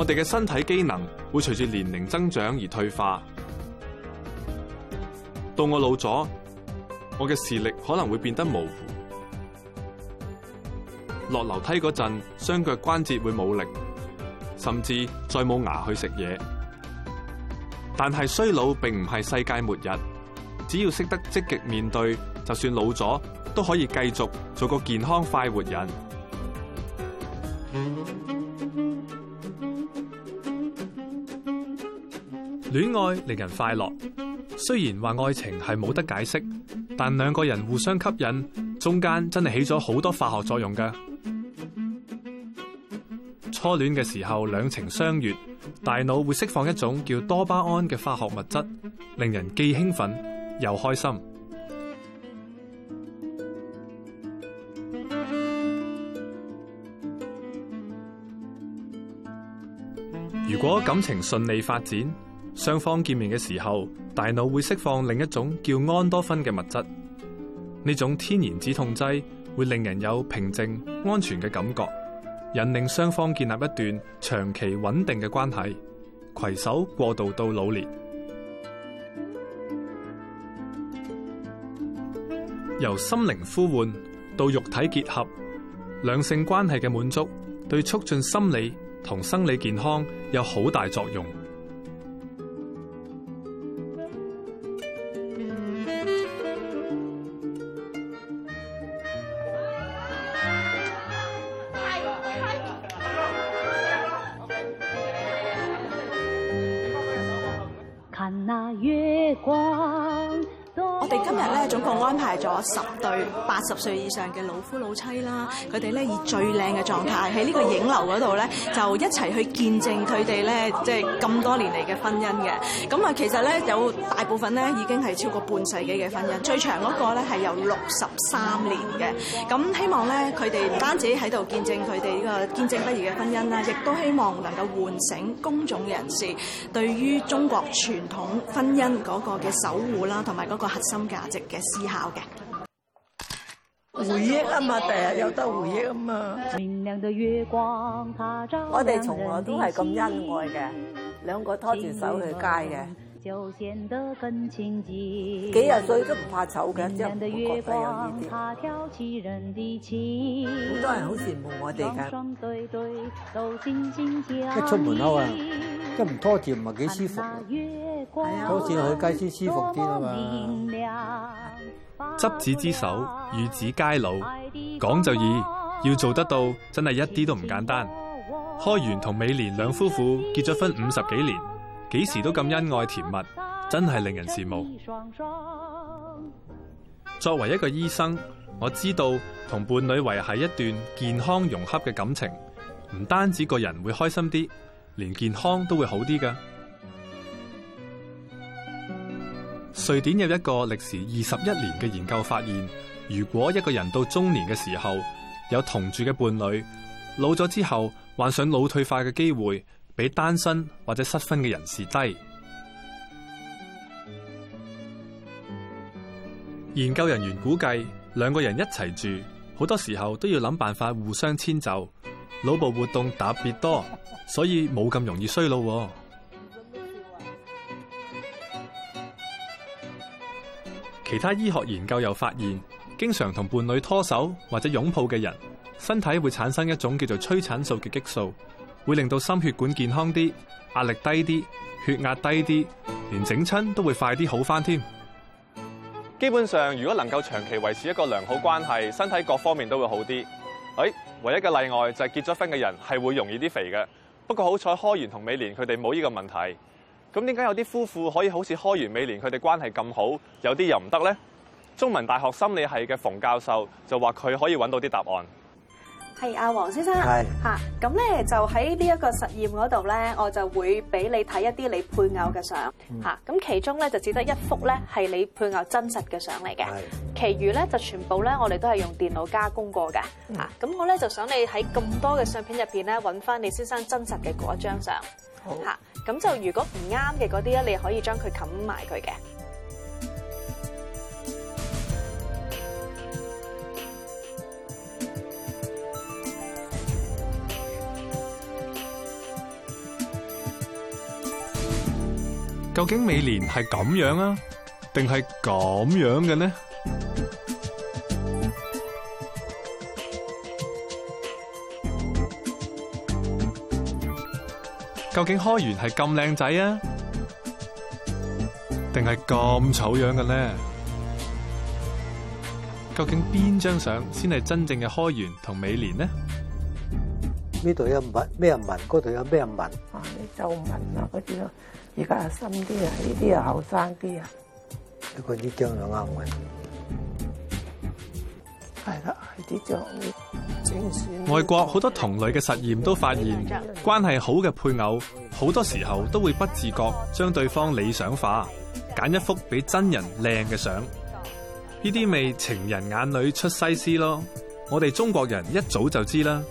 我哋嘅身體機能會隨住年齡增長而退化，到我老咗，我嘅視力可能會變得模糊，落樓梯嗰陣，雙腳關節會冇力，甚至再冇牙去食嘢。但係衰老並唔係世界末日，只要識得積極面對，就算老咗，都可以繼續做個健康快活人。戀愛令人快樂，雖然話愛情係冇得解釋，但兩個人互相吸引，中間真係起咗好多化學作用㗎。初戀嘅時候，兩情相悅，大腦會釋放一種叫多巴胺嘅化學物質，令人既興奮又開心。如果感情順利發展，雙方見面嘅時候，大腦會釋放另一種叫安多芬嘅物質，呢種天然止痛劑會令人有平靜、安全嘅感覺，引令雙方建立一段長期穩定嘅關係，攜手過渡到老年。由心靈呼喚到肉體結合，兩性關係嘅滿足對促進心理同生理健康有好大作用。歲以上嘅老夫老妻啦，佢哋咧以最靚嘅狀態喺呢個影樓嗰度咧，就一齊去見證佢哋咧，即係咁多年嚟嘅婚姻嘅。咁啊，其實咧有大部分咧已經係超過半世紀嘅婚姻，最長嗰個咧係有六十三年嘅。咁希望咧，佢哋唔單止喺度見證佢哋呢個見證不移嘅婚姻啦，亦都希望能夠喚醒公眾人士對於中國傳統婚姻嗰個嘅守護啦，同埋嗰個核心價值嘅思考嘅。回憶啊，天回憶嘛，第日有得回憶啊嘛。亮的我哋從來都係咁恩愛嘅，兩個拖住手去街嘅。嗯、幾十歲都唔怕醜嘅，真係。好多人好羨慕我哋嘅。一出門口啊，即唔拖住唔係幾舒服嘅。拖住、哎、呦去街先舒服啲啊嘛。執子之手，與子偕老。講就易，要做得到真係一啲都唔簡單。開源同美蓮兩夫婦結咗婚五十幾年，幾時都咁恩愛甜蜜，真係令人羨慕。作為一個醫生，我知道同伴侶維繫一段健康融洽嘅感情，唔單止個人會開心啲，連健康都會好啲㗎。瑞典有一個歷時二十一年嘅研究發現，如果一個人到中年嘅時候有同住嘅伴侶，老咗之後患上腦退化嘅機會比單身或者失婚嘅人士低。研究人員估計，兩個人一齊住，好多時候都要諗辦法互相遷就，腦部活動特別多，所以冇咁容易衰老啊。其他醫學研究又發現，經常同伴侶拖手或者擁抱嘅人，身體會產生一種叫做催產素嘅激素，會令到心血管健康啲，壓力低啲，血壓低啲，連整親都會快啲好翻添。基本上，如果能夠長期維持一個良好關係，身體各方面都會好啲。誒、哎，唯一嘅例外就係、是、結咗婚嘅人係會容易啲肥嘅，不過好彩開言同美蓮佢哋冇呢個問題。咁點解有啲夫婦可以好似開完美年佢哋關係咁好，有啲又唔得咧？中文大學心理系嘅馮教授就話佢可以揾到啲答案。係啊，黃先生，咁咧是的 就喺呢一個實驗嗰度咧，我就會俾你睇一啲你配偶嘅相嚇。咁、嗯、其中咧就只得一幅咧係你配偶真實嘅相嚟嘅，是的 其餘咧就全部咧我哋都係用電腦加工過嘅嚇。咁、嗯、我咧就想你喺咁多嘅相片入面咧揾翻你先生真實嘅嗰一張相。咁就如果唔啱嘅嗰啲咧，你可以將佢冚埋佢嘅。究竟美蓮係咁樣啊，定係咁樣嘅呢？究竟開源係咁靚仔啊，定係咁醜樣嘅咧？究竟邊張相先係真正嘅開源同美蓮呢？呢度有紋咩紋？嗰度有咩紋？啲皺紋啊，嗰啲咯。而家係深啲啊，呢啲啊後生啲啊。呢個呢張就啱我。係啦，呢張。外國好多同類嘅實驗都發現，關係好嘅配偶，好多時候都會不自覺將對方理想化，揀一幅比真人靚嘅相。呢啲咪情人眼裏出西施咯？我哋中國人一早就知啦，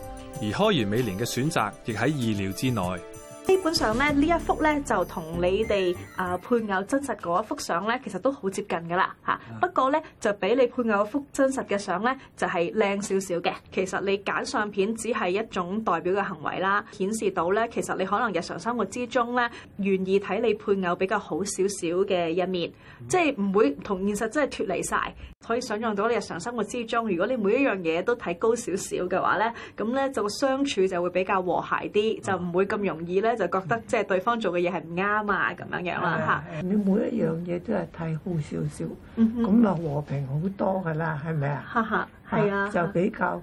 而開完美蓮嘅選擇亦喺意料之內。基本上咧，呢一幅咧就同你哋啊配偶真實嗰一幅相咧，其實都好接近噶啦吓。不過咧就比你配偶幅真實嘅相咧，就係靚少少嘅。其實你揀相片只係一種代表嘅行為啦，顯示到咧，其實你可能日常生活之中咧，願意睇你配偶比較好少少嘅一面，即係唔會同現實真係脫離晒。可以想象到你日常生活之中，如果你每一樣嘢都睇高少少嘅話咧，咁咧就相處就會比較和諧啲，就唔會咁容易咧。就覺得即係對方做嘅嘢係唔啱啊，咁的樣樣啦嚇。你每一樣嘢都係睇好少少，咁、嗯、哼就和平好多噶啦，係咪的啊？哈的，嚇，係啊，就比較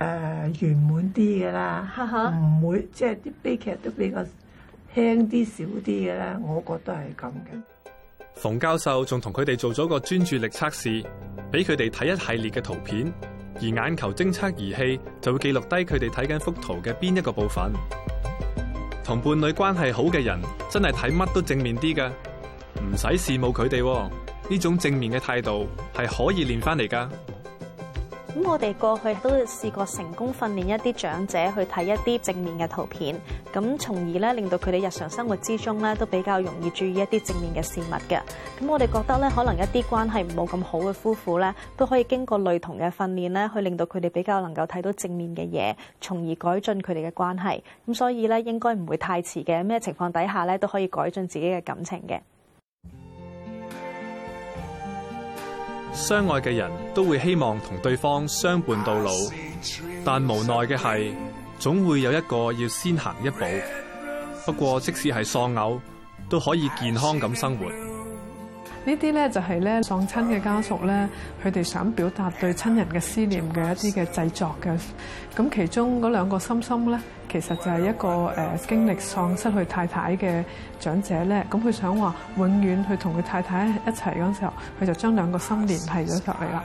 誒圓滿啲噶啦，唔、呃、的會即係啲悲劇都比較輕啲少啲嘅啦，我覺得係咁嘅。馮教授仲同佢哋做咗個專注力測試，俾佢哋睇一系列嘅圖片，而眼球偵測儀器就會記錄低佢哋睇緊幅圖嘅邊一個部分。同伴侶關係好嘅人，真係睇乜都正面啲㗎，唔使羨慕佢哋，呢種正面嘅態度係可以練翻嚟噶。咁我哋過去都試過成功訓練一啲長者去睇一啲正面嘅圖片，咁從而咧令到佢哋日常生活之中咧都比較容易注意一啲正面嘅事物嘅。咁我哋覺得咧，可能一啲關係冇咁好嘅夫婦咧，都可以經過類同嘅訓練咧，去令到佢哋比較能夠睇到正面嘅嘢，從而改進佢哋嘅關係。咁所以咧，應該唔會太遲嘅，咩情況底下咧都可以改進自己嘅感情嘅。相愛嘅人都會希望同對方相伴到老，但無奈嘅係，總會有一個要先行一步。不過即使係喪偶，都可以健康咁生活。呢啲呢，就係呢喪親嘅家屬呢，佢哋想表達對親人嘅思念嘅一啲嘅製作嘅。咁其中嗰兩個心心呢，其實就係一個誒經歷喪失去太太嘅長者呢。咁佢想話永遠去同佢太太一齊嗰時候，佢就將兩個心連係咗上嚟啦。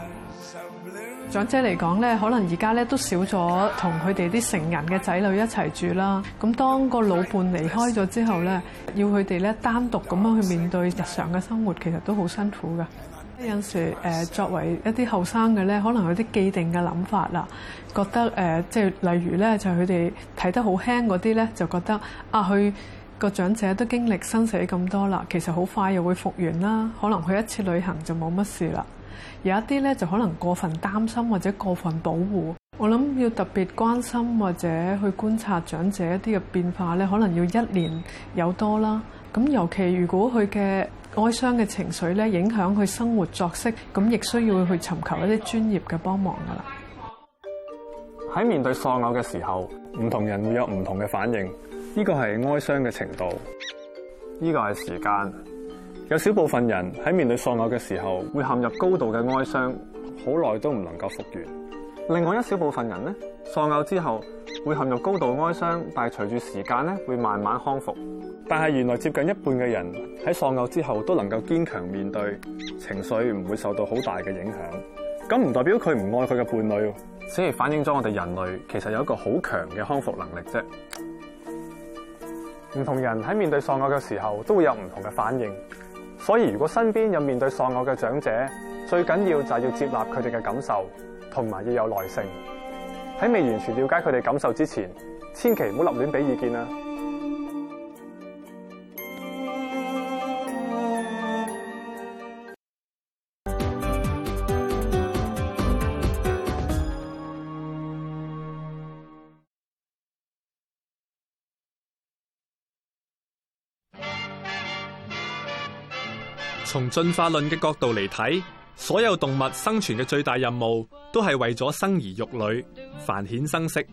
長者嚟講呢，可能而家呢都少咗同佢哋啲成人嘅仔女一齊住啦。咁當個老伴離開咗之後呢，要佢哋呢單獨咁樣去面對日常嘅生活，其實都好辛苦噶。嗯嗯，有時作為一啲後生嘅呢，可能有啲既定嘅諗法啦，覺得即係，呃、例如呢，就係佢哋睇得好輕嗰啲呢，就覺得啊，佢個長者都經歷生死咁多啦，其實好快又會復原啦，可能去一次旅行就冇乜事啦。有一啲咧就可能過分擔心或者過分保護，我諗要特別關心或者去觀察長者一啲嘅變化咧，可能要一年有多啦。咁尤其如果佢嘅哀傷嘅情緒咧影響佢生活作息，咁亦需要去尋求一啲專業嘅幫忙㗎喇。喺面對喪偶嘅時候，唔同人會有唔同嘅反應，呢個係哀傷嘅程度，呢個係時間。有小部分人喺面對喪偶嘅時候，會陷入高度嘅哀傷，好耐都唔能夠復原。另外一小部分人呢，喪偶之後會陷入高度嘅哀傷，但係隨住時間咧會慢慢康復。但係原來接近一半嘅人喺喪偶之後都能夠堅強面對，情緒唔會受到好大嘅影響。咁唔代表佢唔愛佢嘅伴侶，只係反映咗我哋人類其實有一個好強嘅康復能力啫。唔同人喺面對喪偶嘅時候都會有唔同嘅反應，所以如果身邊有面對喪偶嘅長者，最緊要就係要接納佢哋嘅感受，同埋要有耐性。喺未完全了解佢哋感受之前，千祈唔好立亂俾意見啊。從進化論嘅角度嚟睇，所有動物生存嘅最大任務都係為咗生兒育女，繁衍生息。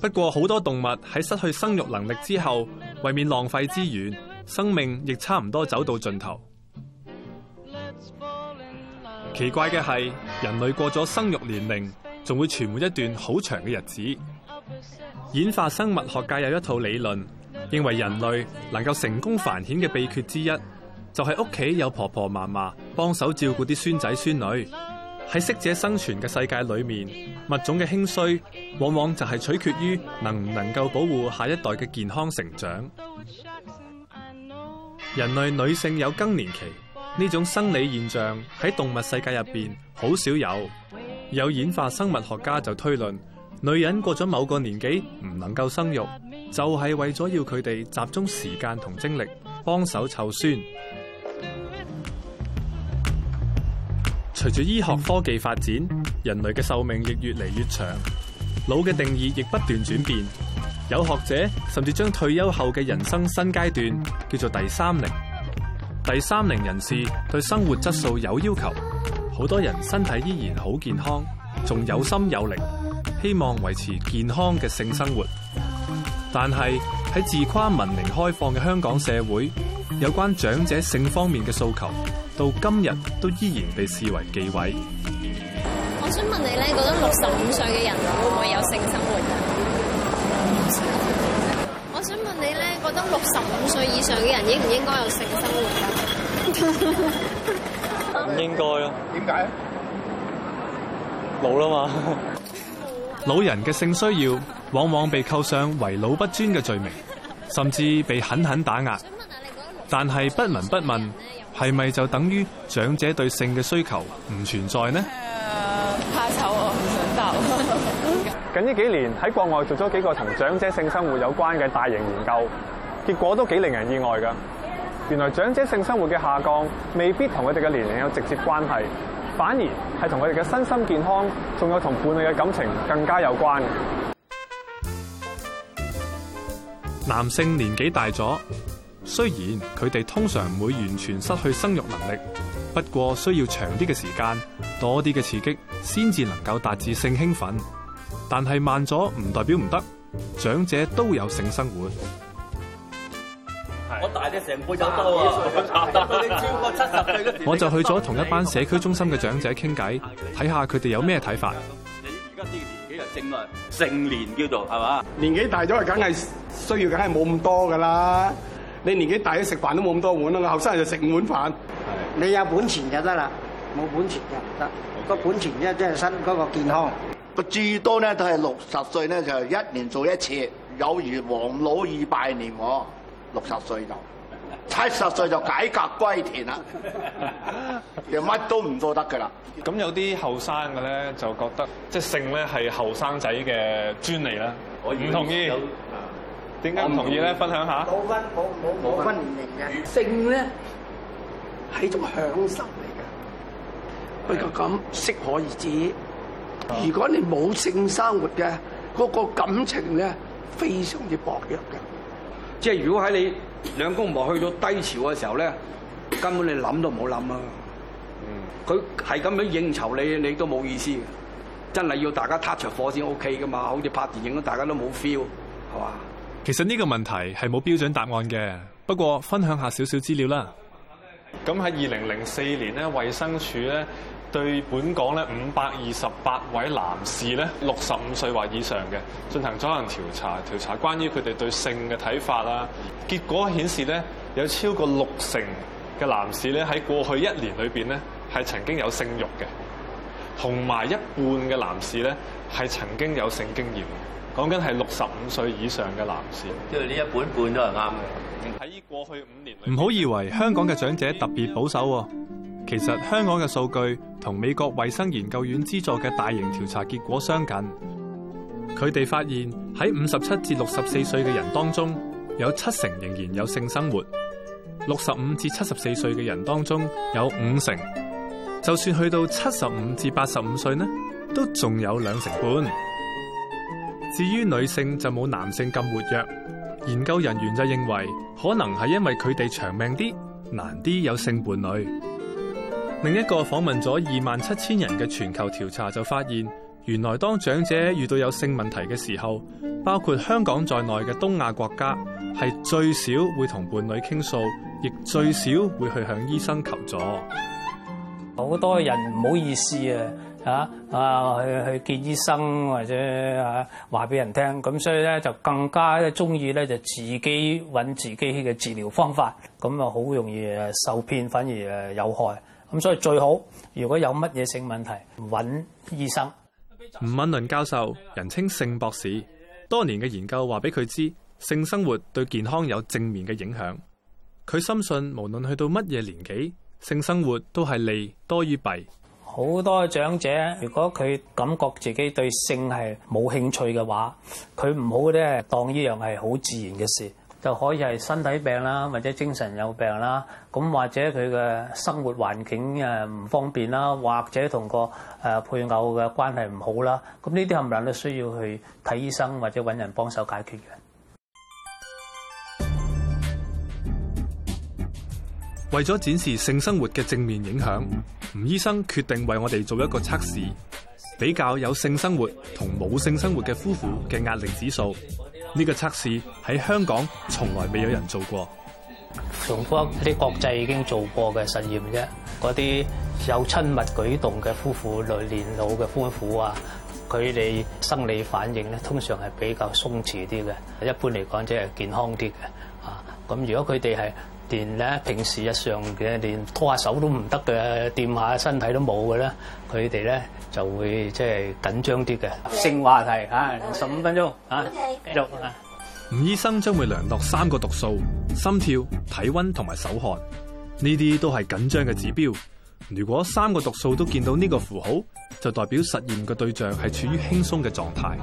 不過好多動物喺失去生育能力之後，為免浪費資源，生命亦差唔多走到盡頭。奇怪嘅係，人類過咗生育年齡，仲會存活一段好長嘅日子。演化生物學界有一套理論，認為人類能夠成功繁衍嘅秘訣之一。就係屋企有婆婆嫲嫲幫手照顧啲孫仔孫女，喺適者生存嘅世界裏面物種嘅興衰往往就係取決於能唔能夠保護下一代嘅健康成長。人類女性有更年期呢種生理現象，喺動物世界入邊好少有。有演化生物學家就推論，女人過咗某個年紀唔能夠生育，就係爲咗要佢哋集中時間同精力幫手湊孫。隨住醫學科技發展，人類嘅壽命亦越嚟越長，老嘅定義亦不斷轉變。有學者甚至將退休後嘅人生新階段叫做第三齡。第三齡人士對生活質素有要求，好多人身體依然好健康，仲有心有力，希望維持健康嘅性生活。但係喺自誇文明開放嘅香港社會，有關長者性方面嘅訴求，到今日都依然被視為忌諱。我想問你咧，覺得六十五歲嘅人會唔會有性生活？我想問你咧，覺得六十五歲以上嘅人應唔應該有性生活？唔應該啊，點解？老啦嘛。老人嘅性需要，往往被扣上為老不尊嘅罪名，甚至被狠狠打壓。但係不聞不問，係咪就等於長者對性嘅需求唔存在呢？uh，怕醜，我唔想答。 近呢幾年喺國外做咗幾個同長者性生活有關嘅大型研究，結果都幾令人意外噶。原來長者性生活嘅下降未必同佢哋嘅年齡有直接關係，反而係同佢哋嘅身心健康，仲有同伴侶嘅感情更加有關。男性年紀大咗。雖然佢哋通常唔會完全失去生育能力，不過需要長啲嘅時間、多啲嘅刺激，先至能夠達至性興奮。但係慢咗唔代表唔得，長者都有性生活。我大咗成走咗啦，我就去咗同一班社區中心嘅長者傾偈，睇下佢哋有咩睇法。你而家啲年紀人正啊，成年叫做係嘛？年紀大咗係，梗係需要，梗係冇咁多噶啦。你年紀大咗食飯都冇咁多碗啦，後生人就食五碗飯。你有本錢就得啦，冇本錢就唔得。個本錢即係即係身嗰個健康。個至多咧都係六十歲咧就一年做一次，有如黃老二拜年喎。六十歲就七十歲就解甲歸田啦，又乜都唔做得噶啦。咁有啲後生嘅咧就覺得即係、就是、性咧係後生仔嘅專利啦，我唔同意。點解唔同意咧？嗯、分享下。冇分，冇冇冇分年齡嘅性咧，係一種享受嚟嘅。佢咁適可而止。嗯、如果你冇性生活嘅嗰、那個感情咧，非常之薄弱嘅。即係如果喺你兩公婆去到低潮嘅時候咧，根本你諗都唔好諗啊！佢係咁樣應酬你，你都冇意思的。真係要大家撻着火先 OK 噶嘛？好似拍電影大家都冇 feel，係嘛？其實呢個問題係冇標準答案嘅，不過分享下少少資料啦。咁喺二零零四年呢，衛生署呢對本港呢五百二十八位男士呢，六十五歲或以上嘅進行咗一項調查，調查關於佢哋對性嘅睇法啦。結果顯示呢，有超過六成嘅男士呢喺過去一年裏邊呢係曾經有性欲嘅，同埋一半嘅男士呢係曾經有性經驗。講緊係六十五歲以上嘅男士，因為呢一本半都係啱嘅。喺過去五年裏，唔好以為香港嘅長者特別保守喎、啊。其實香港嘅數據同美國衛生研究院資助嘅大型調查結果相近。佢哋發現喺五十七至六十四歲嘅人當中有七成仍然有性生活，六十五至七十四歲嘅人當中有五成，就算去到七十五至八十五歲呢，都仲有兩成半。至於女性就冇男性咁活躍，研究人員就認為可能係因為佢哋長命啲，難啲有性伴侶。另一個訪問咗二萬七千人嘅全球調查就發現，原來當長者遇到有性問題嘅時候，包括香港在內嘅東亞國家，係最少會同伴侶傾訴，亦最少會去向醫生求助。好多人唔好意思啊。啊！啊，去去見醫生或者啊話俾人聽，咁所以咧就更加咧中意咧就自己揾自己嘅治療方法，咁啊好容易受騙，反而誒有害。咁所以最好如果有乜嘢性問題，揾醫生。吳敏倫教授，人稱性博士，多年嘅研究話俾佢知，性生活對健康有正面嘅影響。佢深信，無論去到乜嘢年紀，性生活都係利多於弊。好多長者，如果佢感覺自己對性係冇興趣嘅話，佢唔好咧當呢樣係好自然嘅事，就可以係身體病啦，或者精神有病啦，咁或者佢嘅生活環境誒唔方便啦，或者同個誒配偶嘅關係唔好啦，咁呢啲冚唪唥都需要去睇醫生或者揾人幫手解決嘅。為咗展示性生活嘅正面影響，吳醫生決定為我哋做一個測試，比較有性生活同冇性生活嘅夫婦嘅壓力指數。呢個測試喺香港從來未有人做過，重複一啲國際已經做過嘅實驗啫。嗰啲有親密舉動嘅夫婦，嚟年老嘅夫婦啊，佢哋生理反應咧通常係比較鬆弛啲嘅，一般嚟講即係健康啲嘅。啊，咁如果佢哋係。連咧平時日常嘅連拖下手都唔得嘅，掂下身體都冇嘅咧，佢哋咧就會即係緊張啲嘅。性話題嚇，十五分鐘嚇，繼續啊。吳醫生將會量度三個讀數：心跳、體温同埋手汗。呢啲都係緊張嘅指標。如果三個讀數都見到呢個符號，就代表實驗嘅對象係處於輕鬆嘅狀態。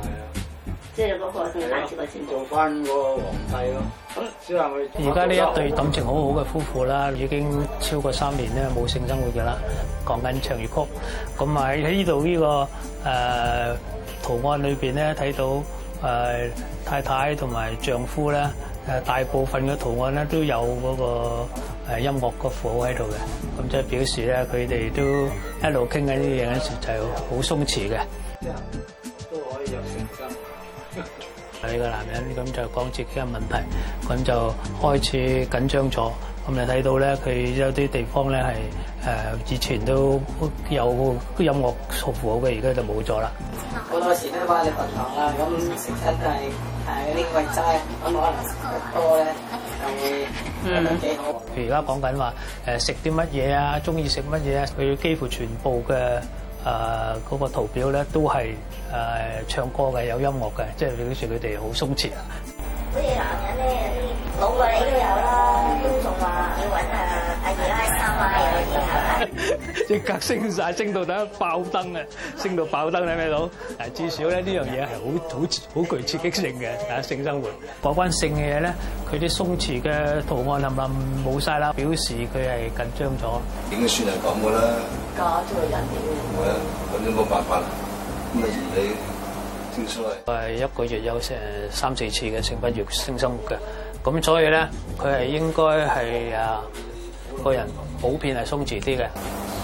即係嗰個同佢自己先做翻嗰個皇帝咯。咁小蘭佢而家呢一對感情好好嘅夫婦啦，已經超過三年咧冇性生活嘅啦。講緊唱粵曲，咁啊喺呢度呢個誒圖案裏邊咧睇到誒太太同埋丈夫咧誒大部分嘅圖案咧都有嗰個音樂個符號喺度嘅，咁即係表示咧佢哋都一路傾緊呢啲嘢嗰時就好鬆弛嘅。你個男人咁就講自己嘅問題，咁就開始緊張咗。咁你睇到咧，佢有啲地方咧係誒以前都有都音樂輔助嘅，而家就冇咗啦。好多時都關你銀行啦，咁食親都係係嗰啲貴劑，咁可能食多咧就會唔幾好。佢而家講緊話誒食啲乜嘢啊，中意食乜嘢啊，佢幾乎全部嘅。誒、呃那個圖表咧都係誒、呃、唱歌嘅有音樂嘅，即係表示佢哋好鬆弛啊！好似男人咧，有老嚟都有啦。一格升曬，升到等爆燈啊！升到爆燈睇唔睇到？啊，至少咧呢樣嘢係好好好具刺激性嘅啊！性生活，有關性嘅嘢咧，佢啲鬆弛嘅圖案冚唪唥冇曬啦，表示佢係緊張咗。點算係咁噶啦？嫁咗人，咁都冇辦法啦。咁啊，而你點算咧？我係一個月有成三四次嘅性不育性生活嘅，咁所以咧佢係應該係啊個人普遍係鬆弛啲嘅。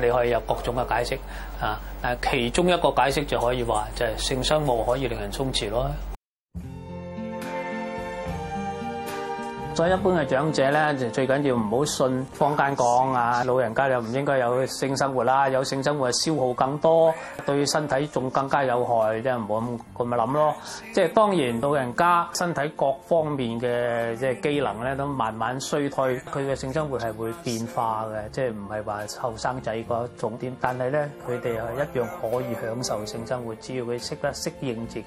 你可以有各種嘅解釋，啊，但其中一個解釋就可以話就係、是、性生活可以令人鬆弛咯。所以一般嘅長者咧，就最緊要唔好信坊間講啊，老人家又唔應該有性生活啦，有性生活消耗更多，對身體仲更加有害，即係唔好咁咁咪諗咯。即係當然老人家身體各方面嘅即係機能咧，都慢慢衰退，佢嘅性生活係會變化嘅，即係唔係話後生仔嗰重點，但係咧，佢哋係一樣可以享受性生活，只要佢識得適應自己。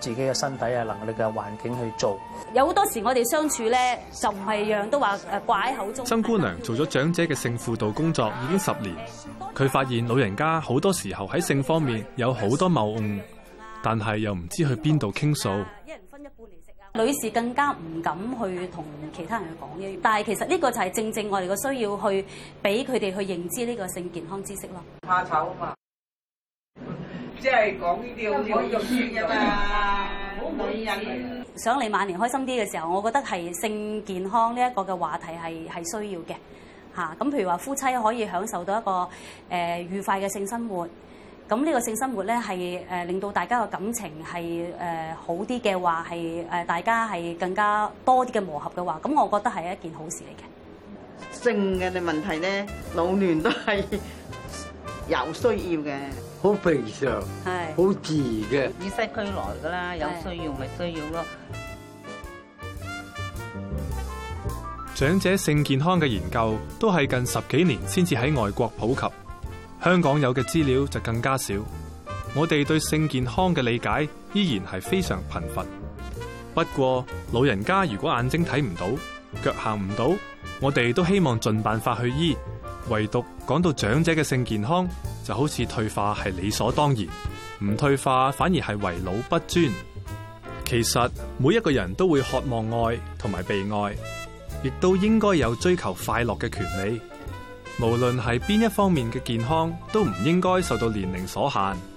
自己嘅身體啊、能力嘅環境去做，有好多時我哋相處咧就唔係樣都話掛喺口中。曾姑娘做咗長者嘅性輔導工作已經十年，佢謝發現老人家好多時候喺性方面有好多謬誤，就是、但係又唔知去邊度傾訴。一人分一半嚟食呀。女士更加唔敢去同其他人去講嘢。但係其實呢個就係正正我哋嘅需要去俾佢哋去認知呢個性健康知識咯。怕醜啊嘛！即係講呢啲好唔好用酸㗎嘛？好女人想你晚年開心啲嘅時候，我覺得係性健康呢一個嘅話題係係需要嘅吓？咁、啊、譬如話夫妻可以享受到一個誒、呃、愉快嘅性生活，咁呢個性生活咧係誒令到大家嘅感情係誒、呃、好啲嘅話，係誒、呃、大家係更加多啲嘅磨合嘅話，咁我覺得係一件好事嚟嘅。性嘅問題咧，老年都係有需要嘅。好平常，好是自然嘅。與生俱來㗎喇，有需要咪需要咯。是長者性健康嘅研究都係近十幾年先至喺外國普及，香港有嘅資料就更加少。我哋對性健康嘅理解依然係非常貧乏。不過老人家如果眼睛睇唔到，腳行唔到，我哋都希望盡辦法去醫。唯獨講到長者嘅性健康，就好似退化係理所當然，唔退化反而係為老不尊。其實每一個人都會渴望愛同埋被愛，亦都應該有追求快樂嘅權利。無論係邊一方面嘅健康，都唔應該受到年齡所限。